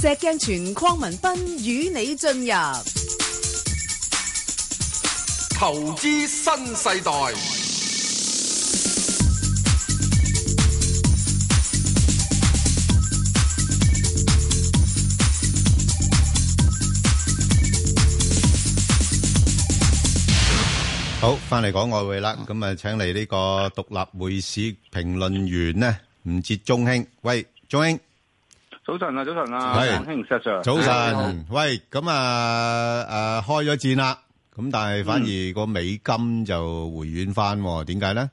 石鏡泉鄺文斌與你進入投資新世代。好，翻嚟講外匯啦，咁啊，請嚟呢個獨立匯市評論員呢吳捷鐘兄，喂，鐘兄。早晨啊，早晨啊，阿興是 Sir，早晨。是嗯、喂，咁啊，誒、呃呃，開咗戰啦，咁但係反而個美金就回軟翻，點解咧？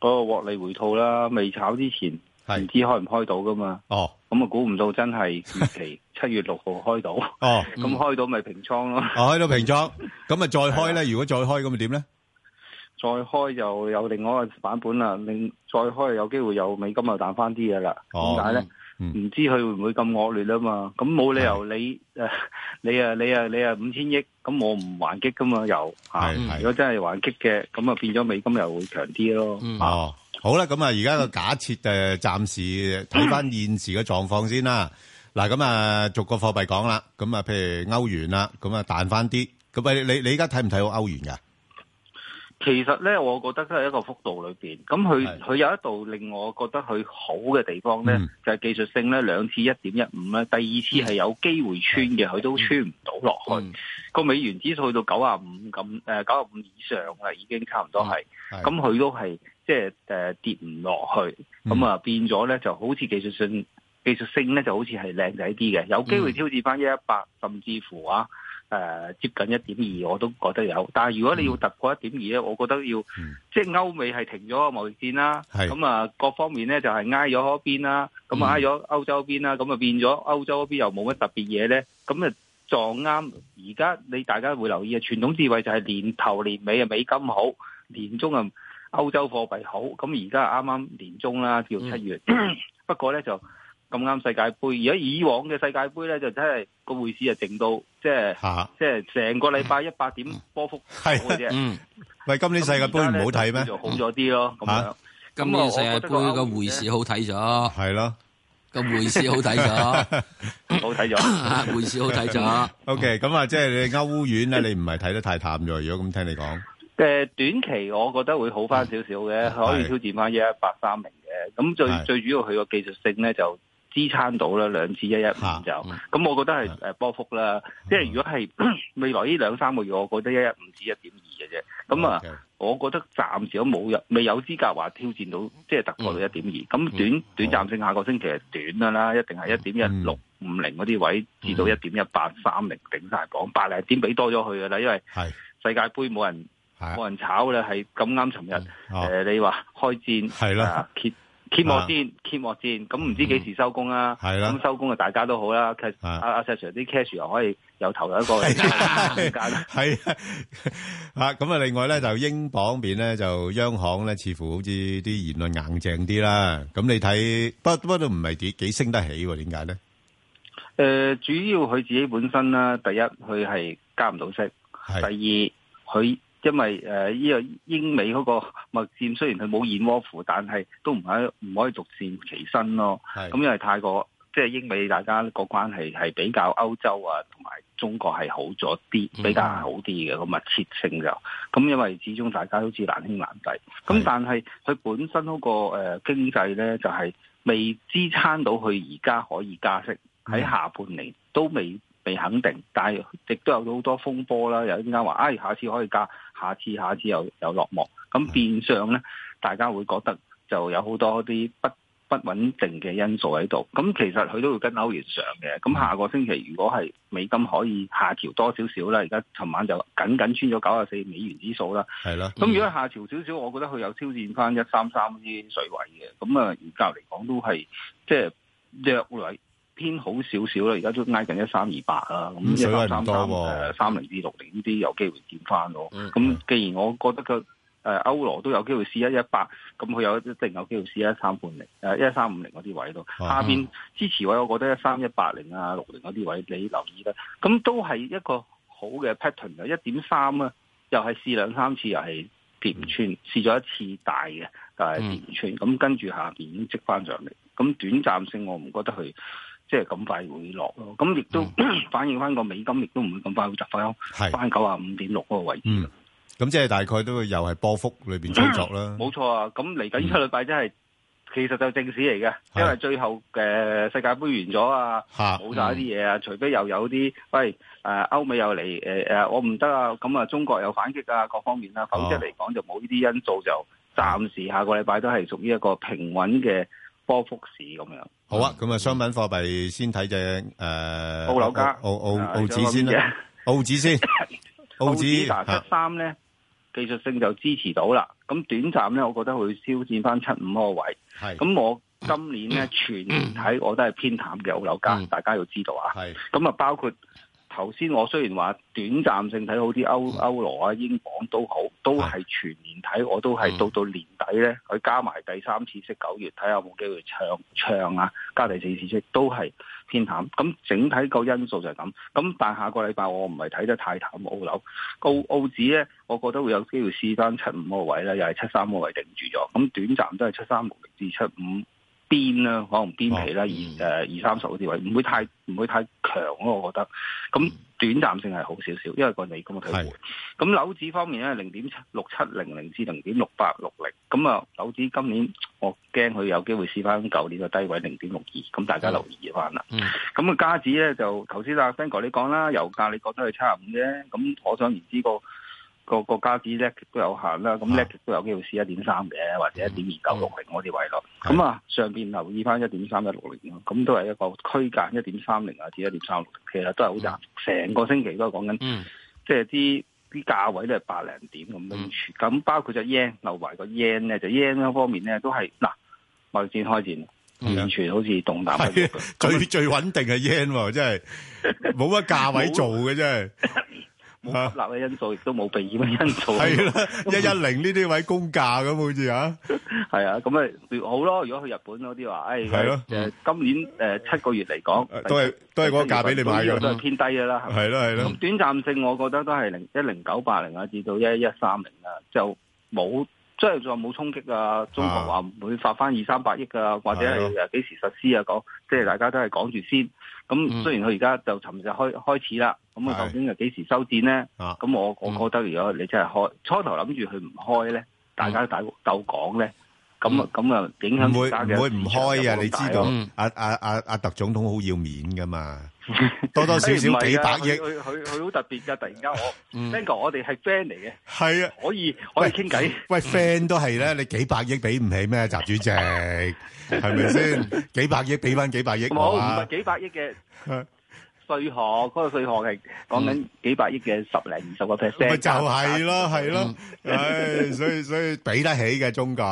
嗰、嗯那個獲利回吐啦，未炒之前，唔知開唔開到噶嘛？哦，咁啊、嗯，估唔到真係期七月六號開到。哦，咁、嗯、開到咪平倉咯、哦？開到平倉，咁啊，再開咧？如果再開，咁啊，點咧？再開就有另外一個版本啦，另再開有機會有美金又彈翻啲嘢啦。哦，點解咧？唔、嗯、知佢會唔會咁惡劣啊嘛？咁冇理由你誒是、 啊，你啊，你啊，你啊五千億，咁我唔還擊噶嘛？又係如果真係還擊嘅，咁啊變咗美金又會強啲咯。嗯、哦，好啦，咁啊而家個假設誒，暫時睇翻現時嘅狀況先啦。嗱，咁 啊逐個貨幣講啦。咁啊譬如歐元啦，咁啊彈翻啲。咁啊你你而家睇唔睇到歐元噶？其實咧，我覺得都係一個幅度裏邊。咁佢佢有一度令我覺得佢好嘅地方咧，嗯、就係技術性咧兩次一點一五咧，第二次係有機會穿嘅，佢、嗯、都穿唔到落去。個、嗯、美元指數去到九啊五咁，誒九啊五以上啦，已經差唔多係。咁佢、嗯、都係即係誒跌唔落去。咁啊、嗯嗯、變咗咧，就好似技術性技術性咧就好似係靚仔啲嘅，有機會挑戰翻一一八，甚至乎啊。誒、呃、接近一點二，我都覺得有。但係如果你要突破一點二咧，我覺得要，嗯、即係歐美係停咗個貿易戰啦，咁啊是各方面咧就係、是、挨咗嗰邊啦，咁啊挨咗歐洲邊啦，咁啊、嗯、變咗歐洲嗰邊又冇乜特別嘢咧，咁啊撞啱而家你大家會留意啊，傳統智慧就係年頭年尾啊美金好，年中啊歐洲貨幣好，咁而家啱啱年中啦，叫七月、嗯， 不過咧就。咁啱世界盃，而家以往嘅世界盃咧，就真係個匯市就靜到即係即係成個禮拜一百點波幅，係，嗯，喂，今年世界盃唔好睇咩？就好咗啲咯，咁樣，今年世界盃個匯市好睇咗，係咯，個匯市好睇咗，好睇咗，匯市好睇咗。O K，咁啊，即係你歐元咧，你唔係睇得太淡咗？如果咁聽你講，嘅短期我覺得會好翻少少嘅，可以挑戰翻一一八三零嘅。咁最最主要佢個技術性咧就。支撐到啦，兩次一一五就，咁我覺得係誒波幅啦。即係如果係未來呢兩三個月，我覺得一一五至一點二嘅啫。咁啊，我覺得暫時都冇有未有資格話挑戰到，即係突破到一點二。咁短短暫性下個星期係短㗎啦，一定係一點一六五零嗰啲位至到一點一八三零頂晒講八零點比多咗去㗎啦。因為世界盃冇人冇人炒咧，係咁啱尋日誒你話開戰係啦。揭幕戰，揭幕戰，咁唔知幾時收工啦？係啦，咁收工啊，大家都好啦。阿、啊、阿 Sir 啲 cash 又可以有投入一個嚟，係啊的，咁 啊！另外咧就英鎊邊咧就央行咧似乎好似啲言論硬正啲啦。咁你睇，不過不都唔係幾幾升得起喎、啊？點解咧？誒、呃，主要佢自己本身啦，第一佢係加唔到息，的第二佢。因為誒依個英美嗰個默戰，雖然佢冇燕窩扶，但係都唔係唔可以獨善其身咯。咁是因為太過即係英美大家個關係係比較歐洲啊同埋中國係好咗啲，嗯、比較好啲嘅咁密切性就咁。因為始終大家都似難兄難弟。咁是但係佢本身嗰個誒經濟咧就係、是、未支撐到佢而家可以加息喺是下半年都未。未肯定，但係亦都有好多風波啦。又點解話，唉、哎，下次可以加，下次下次又又落幕。咁變相呢，大家會覺得就有好多啲不不穩定嘅因素喺度。咁其實佢都會跟歐元上嘅。咁下個星期如果係美金可以下調多少少啦？而家尋晚就僅僅穿咗九十四美元指數啦。係啦的。咁如果下調少少，我覺得佢有挑戰返一三三啲水位嘅。咁啊，而家嚟講都係即係弱位。偏好少少啦，而家都挨近一三二八啦，咁一三三誒三零至六零呢啲有機會跌翻咯。咁、嗯、既然我覺得個誒、呃、歐羅都有機會試一一八，咁佢有一定有機會試一三半零誒一三五零嗰啲位度。嗯、下邊支持位我覺得一三一八零啊六零嗰啲位，你留意啦。咁都係一個好嘅 pattern 啊，就一點三啊，又係試兩三次又係跌唔穿，嗯、試咗一次大嘅，但係跌唔穿。咁、嗯、跟住下邊已經積翻上嚟。咁短暫性我唔覺得佢。即係咁快會落咯，咁亦都、嗯、 反映翻個美金，亦都唔會咁快會集翻翻九啊五點六嗰個位置。咁、嗯、即係大概都會又係波幅裏面操作啦。冇錯啊！咁嚟緊呢個禮拜真係其實就正史嚟嘅，因為最後嘅、呃、世界盃完咗啊，冇曬啲嘢啊。除非、嗯、又有啲喂誒、呃、歐美又嚟誒誒，我唔得啊！咁啊，中國又反擊啊，各方面啦、啊。哦、否則嚟講就冇呢啲因素，就暫時下個禮拜都係屬於一個平穩嘅。波幅市咁樣，好啊！咁啊，商品貨幣先睇隻誒澳樓價、澳澳澳紙先啦，澳紙先，澳紙嗱七三咧，技術性就支持到啦。咁短暫咧，我覺得會消戰翻七五個位。係的，咁我今年咧全年睇我都係偏淡嘅澳樓價，嗯、大家要知道啊。係的，咁啊包括。頭先我雖然話短暫性睇好啲歐歐羅啊、英鎊都好，都係全年睇我都係到到年底呢，佢加埋第三次息九月睇下有冇機會唱唱啊，加第四次息都係偏淡。咁整體個因素就係咁。咁但下個禮拜我唔係睇得太淡澳樓，澳澳指呢，我覺得會有機會試翻七五個位呢又係七三個位定住咗。咁短暫都係七三零至七五。邊啦，可能邊起啦，哦、二誒二三十嗰啲位，唔、嗯、會太唔會太強咯、啊，我覺得。咁短暫性係好少少，因為個你咁嘅體會。咁樓指方面咧，零點六七零零至零點六八六零，咁啊樓指今年我驚佢有機會試翻舊年嘅低位零點六二，咁大家留意翻啦。咁啊、嗯、家指咧就頭先阿 Frank 哥你講啦，油價你覺得係七十五啫，咁可想而知個。.個個價字咧都有限啦，咁咧都有機會試一點三嘅，或者一點二九六零嗰啲位咯。咁啊、嗯嗯，上邊留意翻一點三一六零，咁都係一個區間一點三零啊至一點三六零，其實都係好窄。成、嗯、個星期都係講緊，即係啲啲價位都係百零點咁。咁包括隻 yen 留埋個 yen 咧，就 yen 嗰方面咧都係嗱，貿戰開戰，完全好似動彈。最這樣 最穩定係 yen 喎，真係冇乜價位做嘅沒真係。冇吸納嘅因素，亦都冇避險嘅因素。係啦， 一一零呢啲位公價咁好似啊，係啊，咁咪好咯。如果去日本嗰啲話，誒、哎，係咯的、呃，今年誒、呃、七個月嚟講，都係是都係嗰個價俾你買嘅，都係偏低嘅啦。係咯係咯。咁短暫性，我覺得都係零一零九八零啊，至到一一一三零啊，就冇。即係仲話冇衝擊啊！中國話會發翻二三百億啊，啊或者係誒幾時實施啊？講即係大家都係講住先。咁雖然佢而家就尋日開開始啦，咁、嗯、啊究竟係幾時收戰咧？咁我我覺得，如果你真係開、嗯、初頭諗住佢唔開咧，嗯、大家都打鬥講咧，咁啊咁啊影響唔會唔會唔開啊？你知道阿阿阿阿特總統好要面噶嘛？ 多多少少，哎、幾百億，佢佢佢好特別噶。突然間我 Bingo 我哋係 friend 嚟嘅，係啊，可以，可以我哋傾偈。喂，喂 ，friend 都係咧，你幾百億俾唔起咩？習主席係咪先？幾百億俾翻幾百億，啊，冇唔係幾百億嘅。 稅項嗰個稅項係講緊幾百億嘅十零二十個 percent，咪就係咯，係咯，所以所以俾得起嘅中國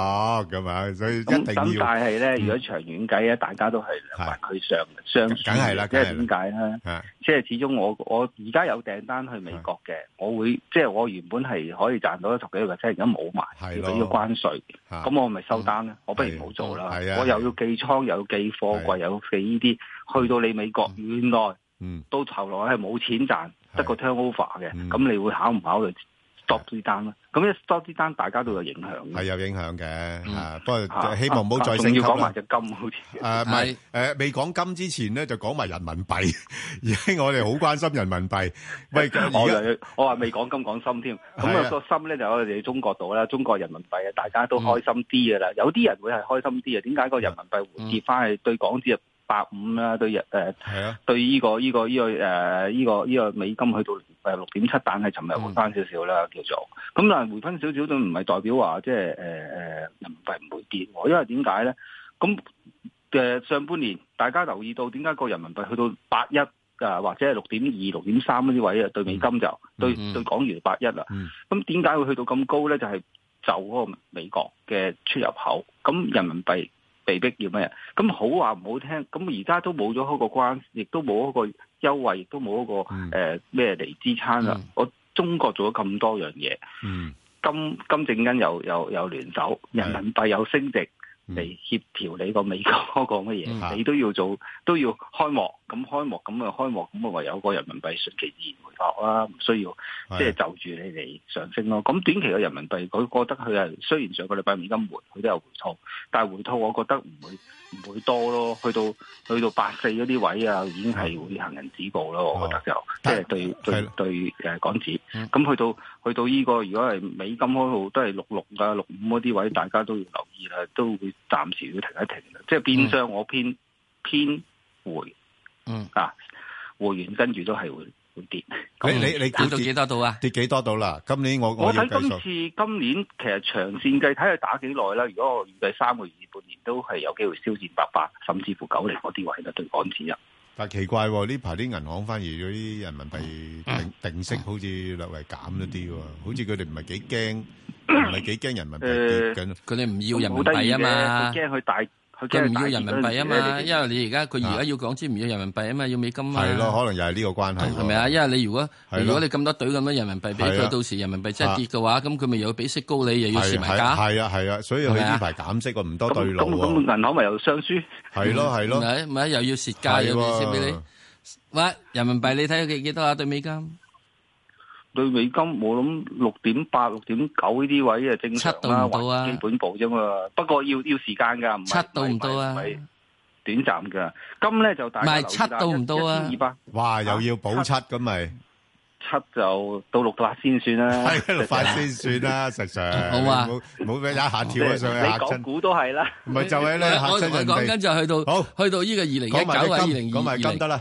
咁啊，所以咁但係咧，如果長遠計咧，大家都係兩萬去上上，梗係啦，即係點解咧？即係始終我我而家有訂單去美國嘅，我會即係我原本係可以賺到一十幾個嘅即係而家冇埋，要俾關稅，咁我咪收單咧，我不如唔好做啦，我又要寄倉，又要寄貨櫃，又要寄呢啲去到你美國院內。嗯，到頭來係冇錢賺，得個 turnover 嘅，咁你會考唔考慮 stop 啲單咧？咁一 stop 啲單，大家都有影響嘅，係有影響嘅吓，不過就希望唔好再升。要講埋隻金，好似誒，唔係誒，未講金之前咧，就講埋人民幣。而我哋好關心人民幣。喂，我話我話未講金講心添。咁啊，個心咧就我哋喺中國度啦，中國人民幣啊，大家都開心啲嘅啦。有啲人會係開心啲嘅。點解個人民幣回跌翻去對港紙？八五啦，對日、呃啊這個呢、這個呢、這個誒、呃這個呢、這個這個這個這個美金去到誒六點七，嗯、但係尋日回翻少少啦叫做。咁但係回翻少少都唔係代表話即係誒人民幣唔會跌，因為點解咧？咁、呃、上半年大家留意到點解個人民幣去到八一啊，或者係六點二、六點三嗰啲位啊，對美金就、嗯、對，對港元八一啦。咁點解會去到咁高咧？就係、是、走個美國嘅出入口。咁人民幣。被逼要咩？咁好話唔好聽，咁而家都冇咗一個關，亦都冇一個優惠，亦都冇一個誒咩嚟支撐啦。嗯、我中國做咗咁多樣嘢，嗯，金金正恩又又又聯手，人民幣有升值。嗯嗯嚟、嗯、協調你個美國講乜嘢，嗯、你都要做，都要開幕。咁開幕，咁啊開幕，咁啊唯有個人民幣順其自然回落啦，唔需要即係就住、是、你哋上升咯。咁的短期嘅人民幣，佢覺得佢係雖然上個禮拜美金回佢都有回吐，但係回吐我覺得唔會唔會多咯。去到去到八四嗰啲位啊，已經係會行人止步咯。的我覺得就即係的對的對對誒、呃、港紙。咁、嗯、去到去到呢、這個如果係美金開號都係六六啊六五嗰啲位，大家都要留意啦，都會暫時要停一停，即係變相我偏、嗯、偏回。嗯啊，回完跟住都係會會跌，咁你你估到幾多到啊？跌幾多到啦？今年我我睇今次今年其實長線計睇去打幾耐啦。如果我預計三個月、半年都係有機會消戰八八，甚至乎九零嗰啲位啦，對港紙啊。但係奇怪呢排啲銀行反而嗰啲人民幣定、嗯、定息好似略為減咗啲喎，嗯、好似佢哋唔係幾驚。唔係幾驚人民幣跌緊，佢哋唔要人民幣啊嘛，佢驚佢大，佢驚大。佢唔要人民幣啊嘛，因為你而家佢而家要港紙唔要人民幣啊嘛，要美金啊嘛。係咯，可能又係呢個關係。係咪啊？因為你如果如果你咁多兌咁多人民幣俾佢，到時人民幣真係跌嘅話，咁佢咪又要俾息高你，又要蝕埋價。係啊係啊，所以佢呢排減息喎，唔多兌落喎。咁咁，銀行咪又雙輸？係咯係咯。咪又要蝕價，又要蝕息俾你。喂，人民幣你睇佢幾多啊？兌美金？對美金，我諗六點八、六點九呢啲位啊正常啦，還基本步啫嘛。不過要要時間㗎，唔係唔係唔係短暫㗎。金咧就大家留低一千二百。哇！又要補七咁咪？七就到六百先算啦，係六百先算啦，正常。好啊，冇冇俾一下跳咗上去嚇親。股都係啦，唔係就喺咧嚇親人哋。我同你講緊就去到好，去到呢個二零一九啊，二零二二零。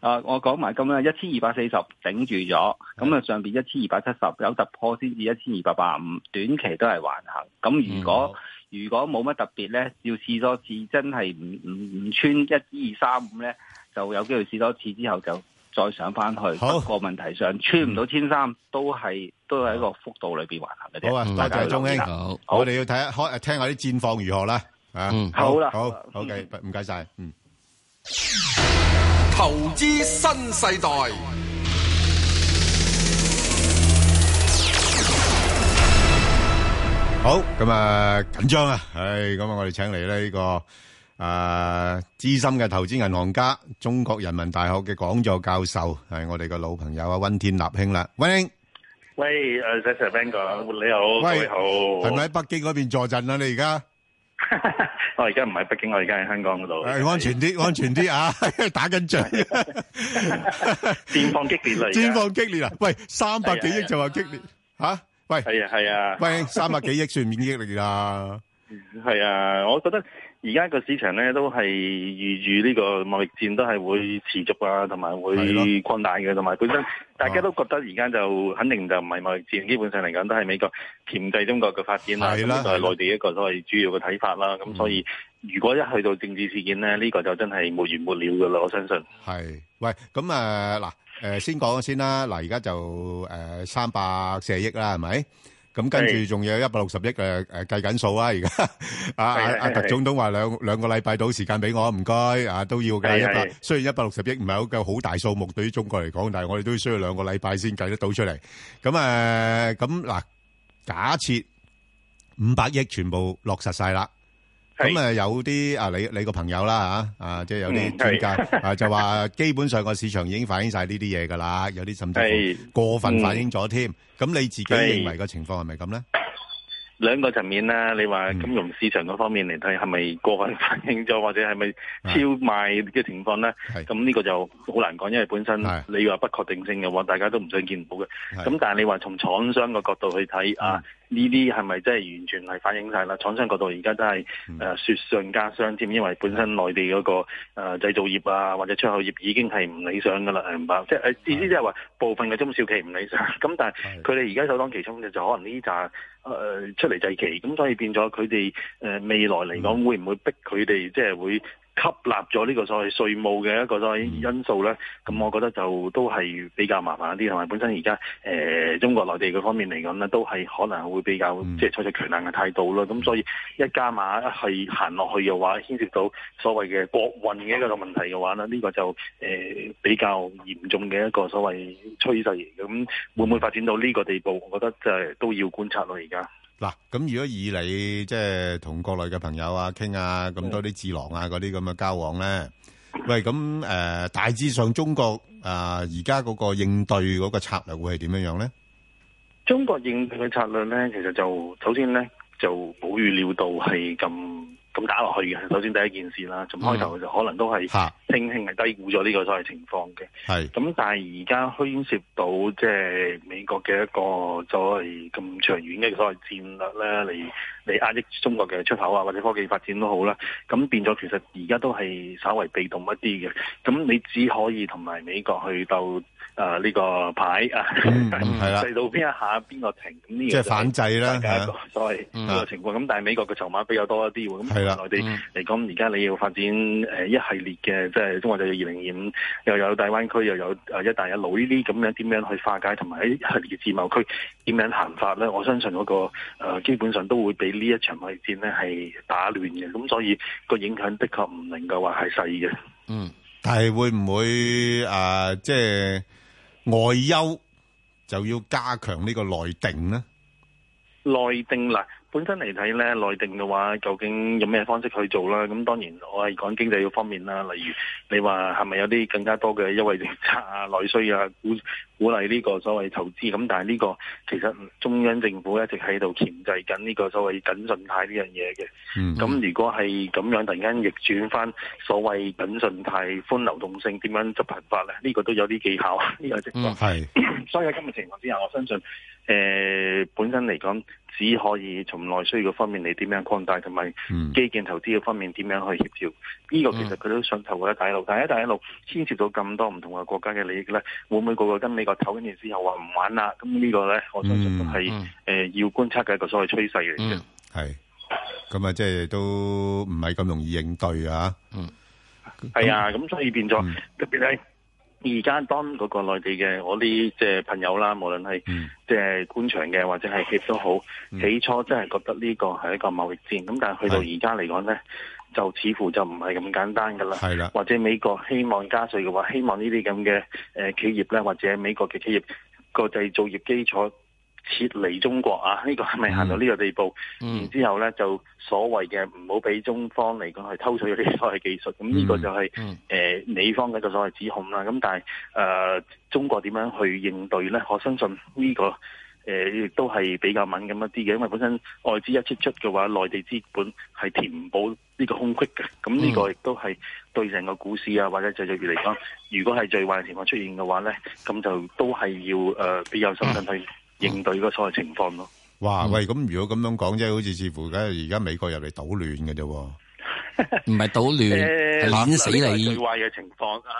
啊！我講埋咁啦，一千二百四十頂住咗，咁啊上邊一千二百七十有突破先至一千二百八十五，短期都係橫行。咁如果如果冇乜特別咧，要試多次，真係唔唔唔穿一、二、三、五咧，就有機會試多次之後就再上翻去。不過個問題上穿唔到千三，都係都係一個幅度裏邊橫行嘅啫。好啊，多謝鐘兄，我哋要睇開聽下啲戰況如何啦。啊，好啦，好，ok 唔該晒，嗯。投資新世代，好咁啊緊張啊！唉，咁啊，我哋請嚟咧呢個誒資深嘅投資銀行家、中國人民大學嘅講座教授，係我哋個老朋友阿溫天納兄啦。溫，喂誒，石石兵講，你好，你好，係咪喺北京嗰邊坐陣啊？你而家？ 我而家唔喺北京，我而家喺香港嗰度。係安全啲，安全啲啊！ 打緊仗、啊，戰況 激烈啊？戰況激烈啊？喂，三百幾億就話激烈吓？喂，係啊係啊，喂，三百幾億算免疫力嚟噶？係 啊，我覺得而家個市場咧都係預預呢個貿易戰都係會持續啊，同埋會擴大嘅，同埋本身。 啊、大家都覺得而家就肯定就唔係貿易戰，基本上嚟講都係美國鉗制中國嘅發展啦，係的就係內地一個所謂主要嘅睇法啦。咁的所以如果一去到政治事件咧，呢、呢個就真係沒完沒了噶啦。我相信係喂，咁誒嗱，誒先講先啦，嗱，而、呃、家就誒、呃、三百四十億啦，係咪？咁跟住仲有一百六十億嘅，誒計緊數啊！而家啊、啊、啊特總統話兩兩個禮拜到時間俾我，唔該啊，都要嘅一百，雖然一百六十億唔係一個好大數目，對於中國嚟講，但係我哋都需要兩個禮拜先計得到出嚟。咁誒咁嗱，假設五百億全部落實曬啦。咁啊，有啲啊，你你個朋友啦嚇，啊，即係有啲專家啊，就話基本上個市場已經反映曬呢啲嘢噶啦，有啲甚至過分反映咗添。咁你自己認為個情況係咪咁咧？兩個層面啦，你話金融市場嗰方面嚟睇，係咪過分反映咗，或者係咪超賣嘅情況咧？咁呢個就好難講，因為本身你係話不確定性嘅話，大家都唔想見到嘅。咁但係你話從廠商個角度去睇啊？呢啲係咪真係完全係反映晒啦？廠商角度而家真係誒、呃、雪上加霜添，因為本身內地嗰、那個誒、呃、製造業啊或者出口業已經係唔理想噶啦，明白的？即係意思即係話部分嘅中小企唔理想，咁但係佢哋而家首當其衝嘅就可能呢扎誒出嚟祭旗，咁所以變咗佢哋未來嚟講會唔會逼佢哋即係會？吸納咗呢個所謂稅務嘅一個所謂因素咧，咁我覺得就都係比較麻煩一啲，同埋本身而家、呃、中國內地嘅方面嚟講咧，都係可能會比較即係採取強硬嘅態度囉。咁所以一加碼係行落去嘅話，牽涉到所謂嘅國運嘅一個問題嘅話咧，呢個就、呃、比較嚴重嘅一個所謂趨勢。咁會唔會發展到呢個地步？我覺得就係都要觀察咯。而家。嗱，咁如果以你即係同國內嘅朋友啊傾啊，咁多啲智囊啊嗰啲咁嘅交往咧，喂，咁誒、呃、大致上中國誒而家嗰個應對嗰個策略會係點樣樣咧？中國應對嘅策略咧，其實就首先咧就冇預料到係咁。咁打落去嘅，首先第一件事啦，從開頭就可能都係輕輕係低估咗呢個所謂情況嘅。咁、嗯，但係而家牽涉到即係美國嘅一個再咁長遠嘅所謂戰略咧，嚟你壓抑中國嘅出口啊，或者科技發展都好啦。咁變咗其實而家都係稍微被動一啲嘅。咁你只可以同埋美國去鬥。啊！呢、這個牌啊，係啦、嗯，路、嗯、邊 一下邊個停咁呢即係反制啦，啊、所謂呢個情況。咁、嗯、但係美國嘅籌碼比較多一啲喎。咁係啦，內地嚟講，而家、嗯、你要發展誒一系列嘅，即係中國就要二零二五又有大灣區，又有誒一帶一路呢啲咁樣點樣去化解，同埋喺一系列嘅自貿區點樣行法咧？我相信嗰、那個、呃、基本上都會俾呢一場貿易戰咧係打亂嘅。咁所以個影響的確唔能夠話係細嘅。嗯，但係會唔會誒、呃、即係？外憂就要加強呢個內定啦。內定啦，本身嚟睇咧，內定嘅話，究竟有咩方式去做啦？咁當然，我係講經濟方面啦。例如你話係咪有啲更加多嘅優惠政策啊、內需啊、鼓鼓勵呢個所謂投資咁？但係呢、呢個其實中央政府一直喺度鉗制緊呢個所謂緊信貸呢樣嘢嘅。咁、嗯嗯、如果係咁樣，突然間逆轉翻所謂緊信貸、寬流動性，點樣執行法咧？呢、呢個都有啲技巧，呢 個情況。係、嗯。 所以喺今日情況之下，我相信。誒、呃，本身嚟講，只可以從內需嘅方面嚟點樣擴大，同埋基建投資嘅方面點樣去協調？呢、嗯、個其實佢都想透過，一帶一路，但係一帶一路牽涉到咁多唔同嘅國家嘅利益咧，會唔會個個跟美國投完之後話唔玩啦？咁呢個咧，我相信都係誒要觀察嘅一個所謂趨勢嚟嘅。係、嗯，咁啊，即係都唔係咁容易應對啊。嗯，係那啊，咁所以變咗、嗯、特別係。而家當嗰個內地嘅我啲即係朋友啦，無論係即係官場嘅或者係企業都好，起初真係覺得呢個係一個貿易戰，咁但係去到而家嚟講咧，的就似乎就唔係咁簡單噶啦。係啦，或者美國希望加稅嘅話，希望呢啲咁嘅誒企業咧，或者美國嘅企業個製造業基礎。撤離中國啊！呢、這個係咪行到呢個地步？嗯嗯、然之後呢，就所謂嘅唔好俾中方嚟講係偷取呢啲所謂技術。咁呢個就係、是、誒、嗯嗯呃、美方嘅一個所謂指控啦、啊。咁但係誒、呃、中國點樣去應對呢？我相信呢、這個亦、呃、都係比較敏感一啲嘅，因為本身外資一出出嘅話，內地資本係填補呢個空隙嘅。咁呢個亦都係對成個股市啊或者就業面嚟講，如果係最壞情況出現嘅話呢，咁就都係要誒、呃、比較審慎去。應對個所謂情況咯。哇，喂，咁如果咁樣講，即係好似似乎，而家美國入嚟搗亂嘅啫。唔係搗亂， 呃、嚇死你！最壞嘅情況啊！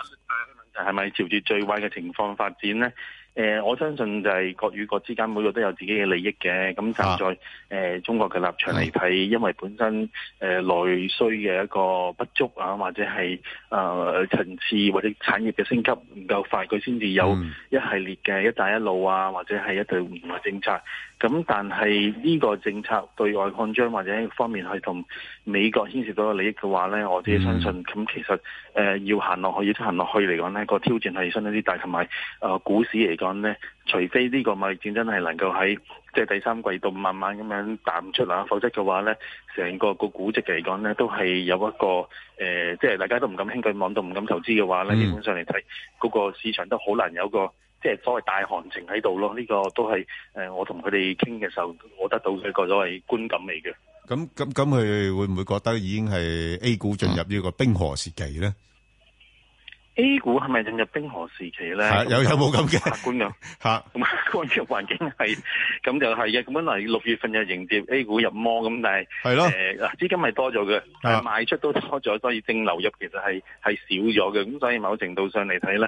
問題係咪朝住最壞嘅情況發展咧？誒、呃，我相信就係國與國之間每個都有自己嘅利益嘅，咁站在誒、啊呃、中國嘅立場嚟睇，因為本身誒內、呃、需嘅一個不足啊，或者係誒、呃、層次或者產業嘅升級唔夠快，佢先至有一系列嘅一帶一路啊，或者係一啲唔同嘅政策。咁但係呢個政策對外擴張或者方面係同美國牽涉到嘅利益嘅話咧，我自己相信咁、嗯、其實誒、呃、要行落去要執行落去嚟講咧，個挑戰係相當之大，同埋誒股市嚟講咧，除非呢個貿易戰真係能夠喺即係第三季度慢慢咁樣淡出啦，否則嘅話咧，成個個估值嚟講咧都係有一個誒，即、呃、係、就是、大家都唔敢輕舉妄動，唔敢投資嘅話咧，嗯、基本上嚟睇嗰個市場都好難有個。即係所謂大行情喺度咯，呢個都係誒我同佢哋傾嘅時候，我得到佢個所謂觀感嚟嘅。咁咁咁，佢會唔會覺得已經係 A 股進入呢個冰河時期咧？A 股係咪進入冰河時期咧？有有冇咁嘅觀感嘅吓？咁啊，個環境係咁就係嘅。咁本嚟六月份就迎接 A 股入魔咁，但係係咯誒，嗱資金係多咗嘅，賣出都多咗，所以淨流入其實係係少咗嘅。咁所以某程度上嚟睇咧。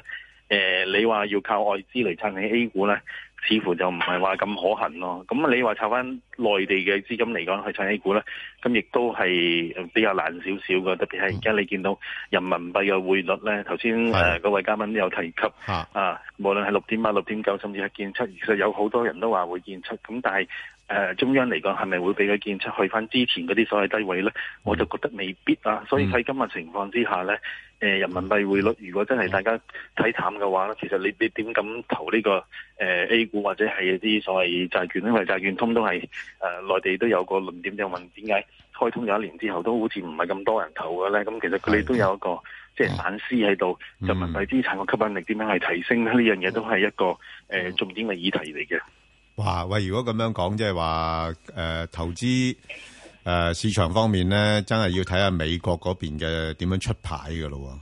誒、呃，你話要靠外資嚟撐起 A 股咧，似乎就唔係話咁可行咯。咁、嗯、你話炒翻內地嘅資金嚟講去搶 A 股呢，咁亦都係比較難少少嘅。特別係而家你見到人民幣嘅匯率呢，頭先誒位嘉賓都有提及的啊，無論係六點八、六點九，甚至係見七，其實有好多人都話會見七。咁但係、呃、中央嚟講係咪會俾佢見七去翻之前嗰啲所謂低位呢，的我就覺得未必啊。所以喺今日情況之下呢，呃、人民幣匯率如果真係大家睇淡嘅話呢，其實你你點敢投呢、這個、呃、A 股或者係一啲所謂債券，因為債券通都係。誒，內、呃、地都有個論點，就問點解開通咗一年之後都好似唔係咁多人投嘅咧？咁其實佢哋都有一個的即係反思喺度，就問第資產嘅吸引力點樣係提升呢？呢、嗯、樣嘢都係一個誒、呃嗯、重點嘅議題嚟嘅。哇！喂，如果咁樣講，即係話誒投資誒、呃、市場方面咧，真係要睇下美國嗰邊嘅點樣出牌㗎咯。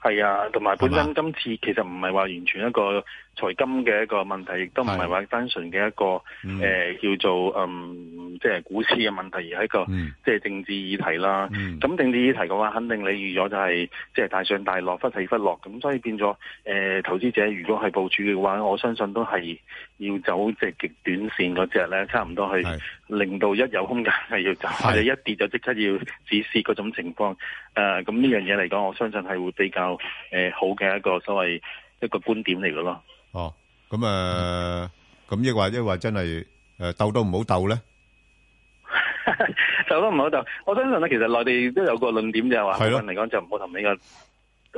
係啊，同埋本身今次其實唔係話完全一個。財金嘅一個問題，亦都唔係話單純嘅一個誒、嗯呃、叫做嗯，即係股市嘅問題，而係一個、嗯、即係政治議題啦。咁、嗯、政治議題嘅話，肯定你預咗就係即係大上大落，忽起忽落。咁所以變咗誒、呃，投資者如果係部署嘅話，我相信都係要走隻極短線嗰隻咧，差唔多係是令到一有空間係要走，或者是是一跌就即刻要止蝕嗰種情況。誒、呃，咁呢樣嘢嚟講，我相信係會比較誒、呃、好嘅一個所謂一個觀點嚟嘅咯。哦，咁誒，咁亦或亦或真係誒，鬥都唔好鬥咧，鬥都唔好鬥。我相信咧，其實內地都有個論點，就係話，嚟講就唔好同呢個。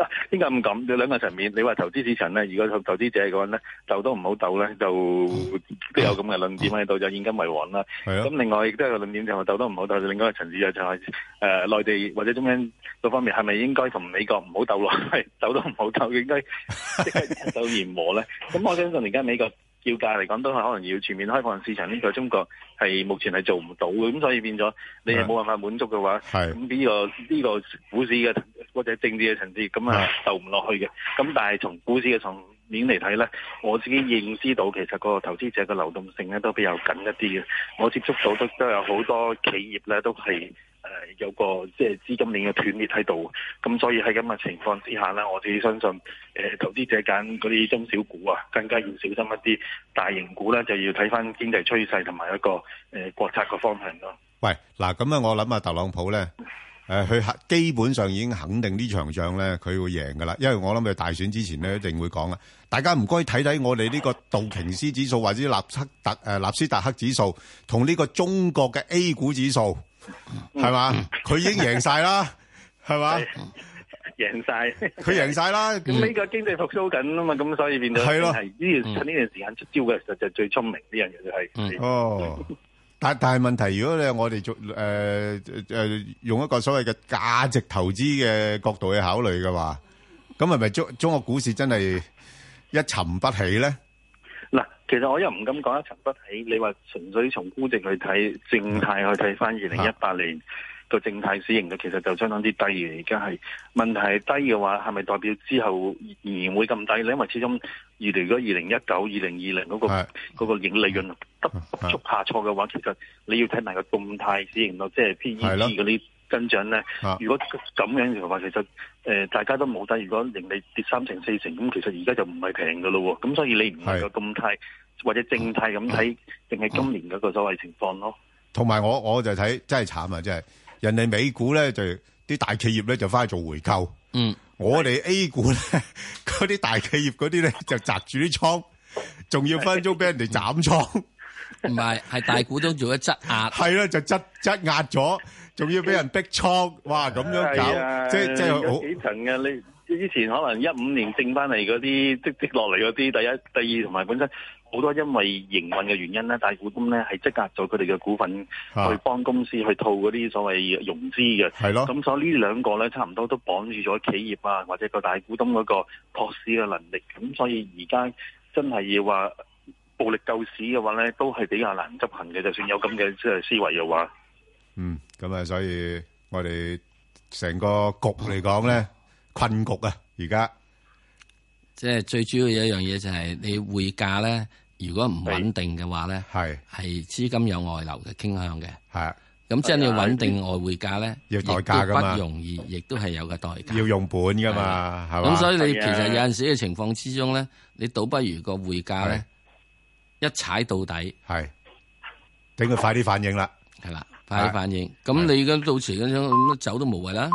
啊！點解唔敢？有兩個層面。你話投資市場咧，如果投投資者嘅話咧，鬥都唔好鬥咧，就都有咁嘅論點喺度，就現金為王啦。咁的另外亦都係個論點就係、是、鬥得唔好鬥。另外一個層次就係誒內地或者中央各方面係咪應該同美國唔好鬥落去？鬥都唔好鬥，應該即係兩手言和咧。咁 我相信而家美國。要價嚟講，都係可能要全面開放市場，呢個中國係目前係做唔到嘅，咁所以變咗你係冇辦法滿足嘅話，咁呢個呢個股市嘅或者政治嘅層次，咁啊鬥唔落去嘅。咁但係從股市嘅層面嚟睇咧，我自己認識到其實個投資者嘅流動性咧都比較緊一啲嘅。我接觸到都都有好多企業咧，都係。誒，有個即係資金鏈嘅斷裂喺度，咁所以喺咁嘅情況之下咧，我自己相信誒，投資者揀嗰啲中小股啊，更加要小心一啲。大型股咧就要睇翻經濟趨勢同埋一個誒國策嘅方向咯。喂，嗱咁啊，我諗啊，特朗普咧誒，佢基本上已經肯定呢場仗咧，佢會贏噶啦。因為我諗佢大選之前咧，一定會講啦。大家唔該睇睇我哋呢個道瓊斯指數或者納特誒納斯達克指數同呢個中國嘅 A 股指數。係嘛？佢、嗯、已經贏晒啦，係嘛 吧？贏晒了，佢贏晒啦。咁呢個經濟復蘇緊啊嘛，咁、嗯、所以變咗係咯。呢呢段時間出招嘅，嗯、聰就就最聰明呢樣嘢。就係、嗯。是哦，是但但係問題，如果你我哋做誒誒、呃呃、用一個所謂嘅價值投資嘅角度去考慮嘅話，咁係咪中中國股市真係一沉不起咧？嗱，其實我又唔敢講一層不睇，你話純粹從估值去睇，靜態去睇翻二零一八年個靜態市盈率，其實就相當之低嘅，而家係問題係低嘅話，係咪代表之後仍然會咁低咧？因為始終預嚟，如二零一九、二零二零嗰個嗰盈利潤急速下挫嘅話，其實你要睇埋個動態市盈率，即係 P E 嗰啲。跟進咧，如果咁樣嘅情況，其實誒、呃、大家都冇得。如果盈利跌三成四成，咁其實而家就唔係平嘅咯喎。咁所以你唔係動態或者靜態咁睇，定係、啊、今年嗰個所謂嘅情況咯。同埋我我就睇真係慘啊！真係人哋美股咧就啲大企業咧就翻去做回購，嗯、我哋 A 股咧嗰啲大企業嗰啲咧就閘住啲倉，仲 要分分鐘俾人哋斬倉。唔係， 係大股東做咗質押。係咯， 就質質押咗。仲要俾人逼倉，其實哇！咁樣搞，啊、即係、啊、即係好幾層嘅、啊。你之前可能一五年剩翻嚟嗰啲，積積落嚟嗰啲，第一、第二，同埋本身好多因為營運嘅原因咧，大股東咧係質押咗佢哋嘅股份去幫公司去套嗰啲所謂融資嘅。係咯、啊。咁所以兩呢兩個咧，差唔多都綁住咗企業啊，或者個大股東嗰個托市嘅能力。咁所以而家真係要話暴力救市嘅話咧，都係比較難執行嘅。就算有咁嘅即係思維嘅話，嗯。咁啊，所以我哋成個局嚟講咧，困局啊！而家即係最主要有一樣嘢就係、是、你匯價咧，如果唔穩定嘅話咧，係係資金有外流嘅傾向嘅。係咁的，即係你穩定外匯價咧，要代價噶嘛？不容易，亦都係有個代價。要用本噶嘛？係咁的的，所以你其實有陣時嘅情況之中咧，你倒不如個匯價咧一踩到底，係等佢快啲反應啦，係啦。快啲反應，咁你而家到時咁樣，走的都無謂啦。